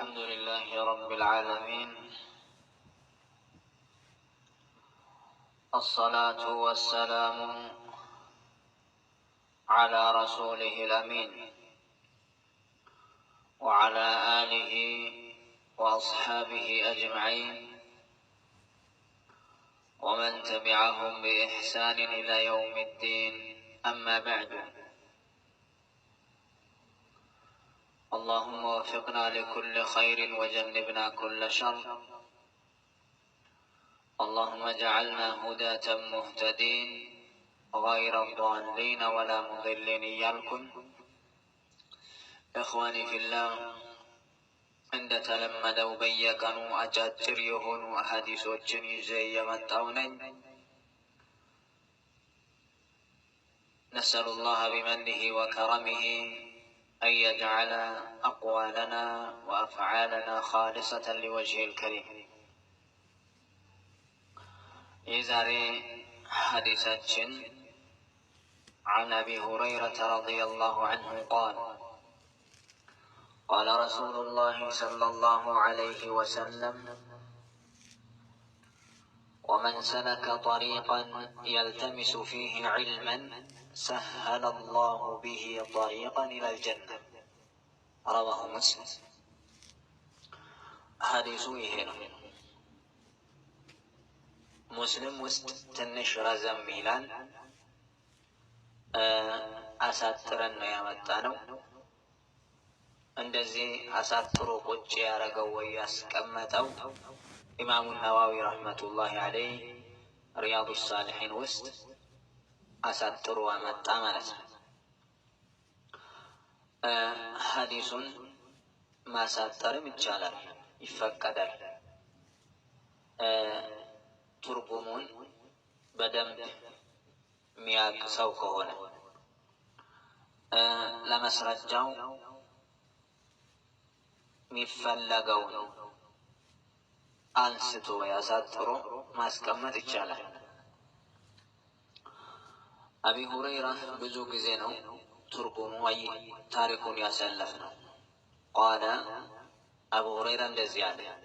الحمد لله رب العالمين الصلاة والسلام على رسوله الأمين وعلى آله وأصحابه أجمعين ومن تبعهم بإحسان إلى يوم الدين أما بعد اللهم وفقنا لكل خير وجنبنا كل شر اللهم اجعلنا هداة مهتدين غير ضالين ولا مضلين إياكم إخواني في الله عند እንደተለመደው በየቀኑ አጫጭር የሆኑ ሀዲሶችን ይዤ የመጣው ነኝ። نسأل الله بمنه وكرمه أن يجعل أقوالنا وأفعالنا خالصة لوجهه الكريم حديث ሐዲሳችን عن أبي هريرة رضي الله عنه قال قال رسول الله صلى الله عليه وسلم ومن سلك طريقا يلتمس فيه علما سهل الله به طريقا إلى الجنة رواه مسلم حديث هنا مسلم وستنش رزم ميلان أساترا نيامة تانو እንደዚህ አሳፍሮ ቁጭ ያደረገው ወይ إمام ኢማሙ رحمة الله عليه رياض الصالحين ውስጥ አሳጥሮ አመጣ ማለት ነው። ሀዲሱን ማሳጠርም ይቻላል፣ ይፈቀዳል። ትርጉሙን በደንብ የሚያቅ ሰው ከሆነ ለመስረጃው የሚፈለገውን አንስቶ ያሳጥሮ ማስቀመጥ ይቻላል። أبي هريرة بزو كزينو ترقم أي تارك يسلفنا قال أبو هريرة لزيادة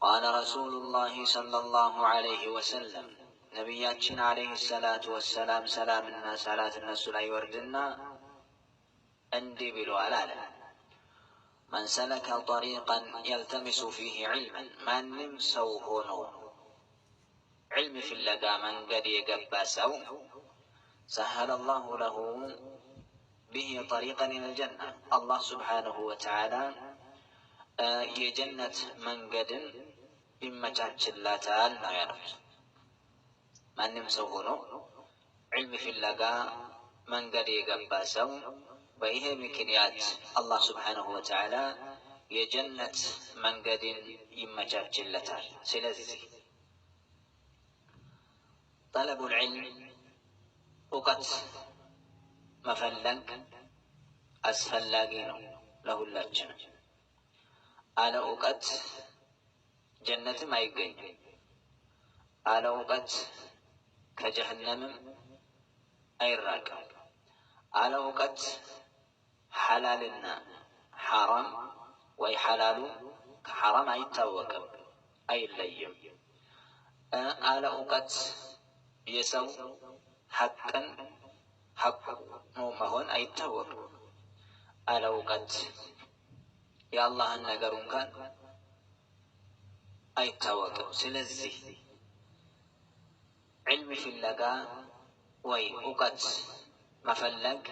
قال رسول الله صلى الله عليه وسلم نبياتنا عليه الصلاة والسلام سلام الناس على الناس لا يوردنا أندي بلو من سلك طريقا يلتمس فيه علما ما نمسوه نور علم في اللقاء من قد يقبى سوه سهل الله له به طريقا إلى الجنة الله سبحانه وتعالى آه، يجنة من قد إما تعجل لا تعال ما يعرفت ما نمسوهنه علم في اللقاء من قد يقباسه بإيه مكنيات الله سبحانه وتعالى يجنة من قد إما تعجل لا تعال سلزي طلب العلم እውቀት መፈለግ አስፈላጊ ነው ለሁላችንም። አለ እውቀት ጀነትም አይገኝም። አለ እውቀት ከጀሀነምም አይራቅም። አለ እውቀት ሐላልና ሐራም ወይ ሐላሉ ከሐራም አይታወቅም፣ አይለይም። አለ እውቀት የሰው ሀቅን ሀቁ መሆን አይታወቅም። እውቀት የአላህን ነገር እንኳን አይታወቅም። ስለዚህ ዕልም ፍለጋ ወይ እውቀት መፈለግ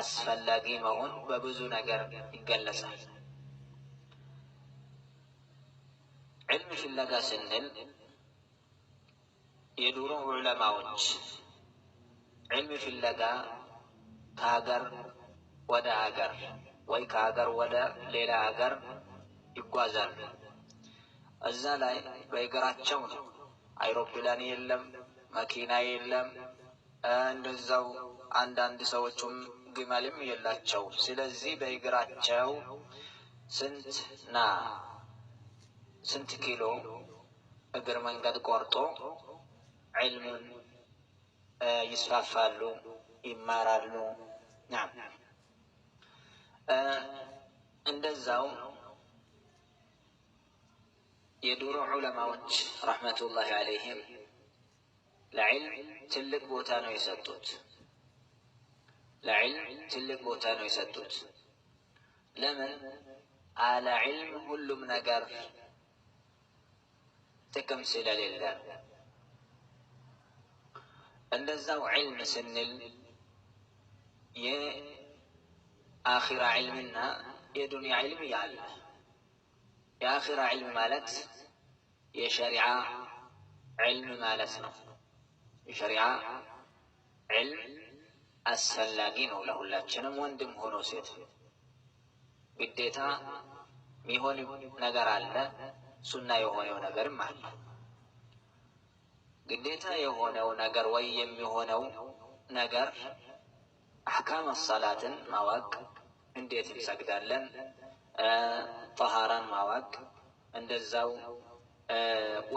አስፈላጊ መሆን በብዙ ነገር ይገለጻል። ዕልም ፍለጋ ስንል የዱሮ ዑለማዎች ዕልሚ ፍለጋ ከሀገር ወደ ሀገር ወይ ከሀገር ወደ ሌላ ሀገር ይጓዛል። እዛ ላይ በእግራቸው ነው። አይሮፕላን የለም፣ መኪና የለም። እንደዛው አንዳንድ ሰዎቹም ግመልም የላቸው። ስለዚህ በእግራቸው ና ስንት ኪሎ እግር መንገድ ቆርጦ ዕልሙን ይስፋፋሉ፣ ይማራሉ። ናም እንደዛው የዱሮ ዑለማዎች ረሕመቱላሂ ዓለይህም ለዕልም ትልቅ ቦታ ነው የሰጡት። ለዕልም ትልቅ ቦታ ነው የሰጡት። ለምን አለ ዕልም ሁሉም ነገር ጥቅም ስለሌለ እንደዛው ዕልም ስንል የአኺራ ዕልምና የዱንያ ዕልም ያለ የአኺራ ዕልም ማለት የሸሪዓ ዕልም ማለት ነው። የሸሪዓ ዕልም አስፈላጊ ነው ለሁላችንም፣ ወንድም ሆኖ ሴት ግዴታ የሚሆን ነገር አለ፣ ሱና የሆነው ነገርም አለ። ግዴታ የሆነው ነገር ወይ የሚሆነው ነገር አሕካም ሰላትን ማወቅ፣ እንዴት እንሰግዳለን፣ ጠሃራን ማወቅ፣ እንደዛው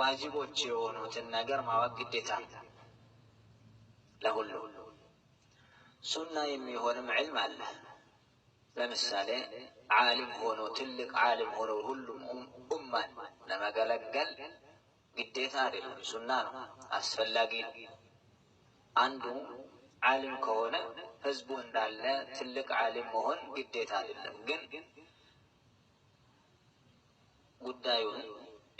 ዋጅቦች የሆኑትን ነገር ማወቅ ግዴታ ለሁሉ። ሱና የሚሆንም ዕልም አለ። ለምሳሌ ዓሊም ሆኖ ትልቅ ዓሊም ሆኖ ሁሉም ኡማን ለመገለገል ግዴታ አይደለም፣ ሱና ነው፣ አስፈላጊ ነው። አንዱ ዓሊም ከሆነ ህዝቡ እንዳለ ትልቅ ዓሊም መሆን ግዴታ አይደለም። ግን ጉዳዩን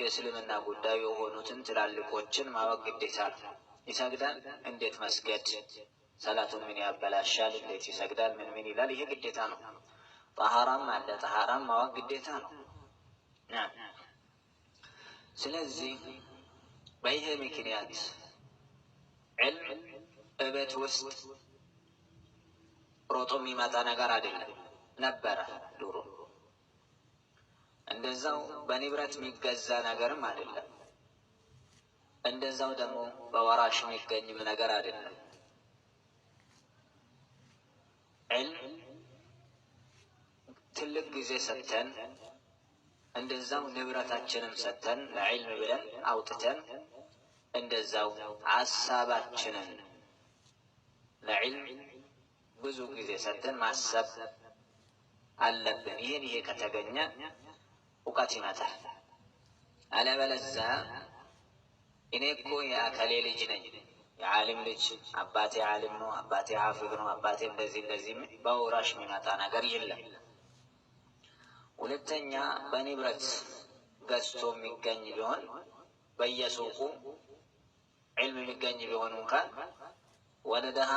የእስልምና ጉዳዩ የሆኑትን ትላልቆችን ማወቅ ግዴታ ነው። ይሰግዳል፣ እንዴት መስገድ፣ ሰላቱን ምን ያበላሻል፣ እንዴት ይሰግዳል፣ ምን ምን ይላል፣ ይሄ ግዴታ ነው። ጠሃራም አለ፣ ጠሃራም ማወቅ ግዴታ ነው። ስለዚህ በይህ ምክንያት ዕልም እቤት ውስጥ ሮጦ የሚመጣ ነገር አይደለም ነበረ ድሮ። እንደዛው በንብረት የሚገዛ ነገርም አይደለም። እንደዛው ደግሞ በወራሽ የሚገኝም ነገር አይደለም። ዕልም ትልቅ ጊዜ ሰጥተን እንደዛው ንብረታችንም ሰጥተን ለዕልም ብለን አውጥተን እንደዛው ሀሳባችንን ለዕልም ብዙ ጊዜ ሰጥተን ማሰብ አለብን። ይህን ይሄ ከተገኘ እውቀት ይመጣል። አለበለዛ እኔ እኮ የአከሌ ልጅ ነኝ፣ የዓሊም ልጅ አባቴ ዓሊም ነው፣ አባቴ ሀፊዝ ነው፣ አባቴ እንደዚህ እንደዚህ በውራሽ የሚመጣ ነገር የለም። ሁለተኛ በንብረት ገዝቶ የሚገኝ ቢሆን በየሱቁ ዕልም የሚገኝ ቢሆን እንኳን ወደ ድሃ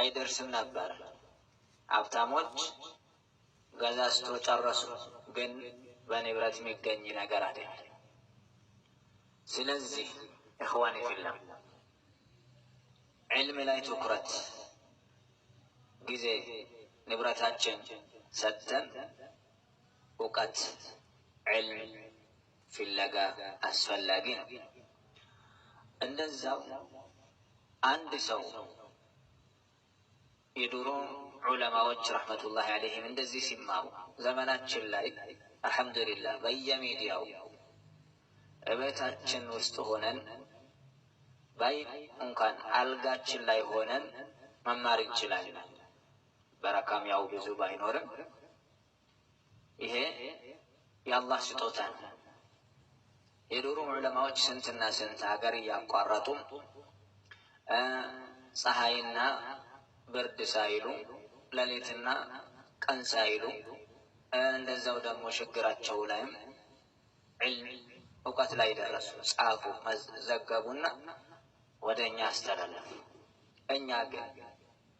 አይደርስም ነበር። ሀብታሞች ገዛዝቶ ጨረሱ፣ ግን በንብረት የሚገኝ ነገር አይደለም። ስለዚህ እህዋን ይፍለም ዕልም ላይ ትኩረት ጊዜ ንብረታችን ሰጥተን እውቀት ዕልም ፍለጋ አስፈላጊ ነው። እንደዛው አንድ ሰው የድሮ ዑለማዎች ረሕመቱላሂ ዓለይሂም እንደዚህ ሲማሩ ዘመናችን ላይ አልሐምዱሊላህ በየሚዲያው እቤታችን ውስጥ ሆነን ባይ እንኳን አልጋችን ላይ ሆነን መማር እንችላለን። በረካም ያው ብዙ ባይኖርም ይሄ የአላህ ስጦታ ነው። የዱሩ ዑለማዎች ስንትና ስንት ሀገር እያቋረጡ ፀሐይና ብርድ ሳይሉ ሌሊትና ቀን ሳይሉ እንደዛው ደግሞ ችግራቸው ላይም ዕልም እውቀት ላይ ደረሱ፣ ጻፉ፣ ዘገቡና ወደ እኛ አስተላለፉ። እኛ ግን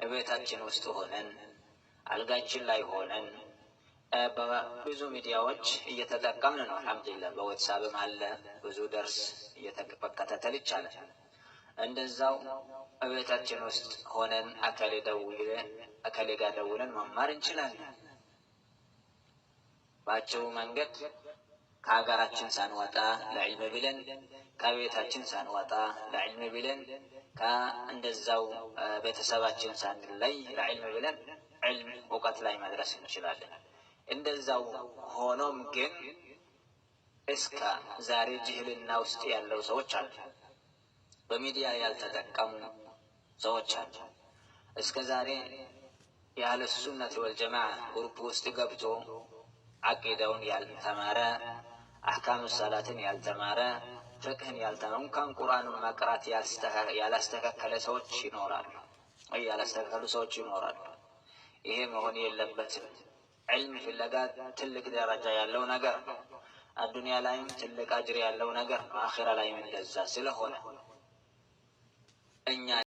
እቤታችን ውስጥ ሆነን አልጋችን ላይ ሆነን በብዙ ሚዲያዎች እየተጠቀምን ነው። አልሐምዱሊላ በወትሳብም አለ ብዙ ደርስ እየተከታተል ይቻላል። እንደዛው እቤታችን ውስጥ ሆነን አካሌ ደውለ አካሌ ጋር ደውለን መማር እንችላለን። ባጭሩ መንገድ ከሀገራችን ሳንወጣ ለዕልም ብለን ከቤታችን ሳንወጣ ለዕልም ብለን ከእንደዛው ቤተሰባችን ሳንለይ ለዕልም ብለን ዕልም እውቀት ላይ መድረስ እንችላለን። እንደዛው ሆኖም ግን እስከ ዛሬ ጅህልና ውስጥ ያለው ሰዎች አሉ። በሚዲያ ያልተጠቀሙ ሰዎች አሉ። እስከ ዛሬ የአህለ ሱነት ወልጀማ ግሩፕ ውስጥ ገብቶ አቂዳውን ያልተማረ፣ አህካም ሰላትን ያልተማረ፣ ፍቅህን ያልተማረ እንኳን ቁርአኑን መቅራት ያላስተካከለ ሰዎች ይኖራሉ፣ ወይ ያላስተካከሉ ሰዎች ይኖራሉ። ይሄ መሆን የለበትም። ዒልም ፍለጋ ትልቅ ደረጃ ያለው ነገር ነው። አዱንያ ላይም ትልቅ አጅር ያለው ነገር ነው። አኼራ ላይም እንደዛ ስለሆነ እኛ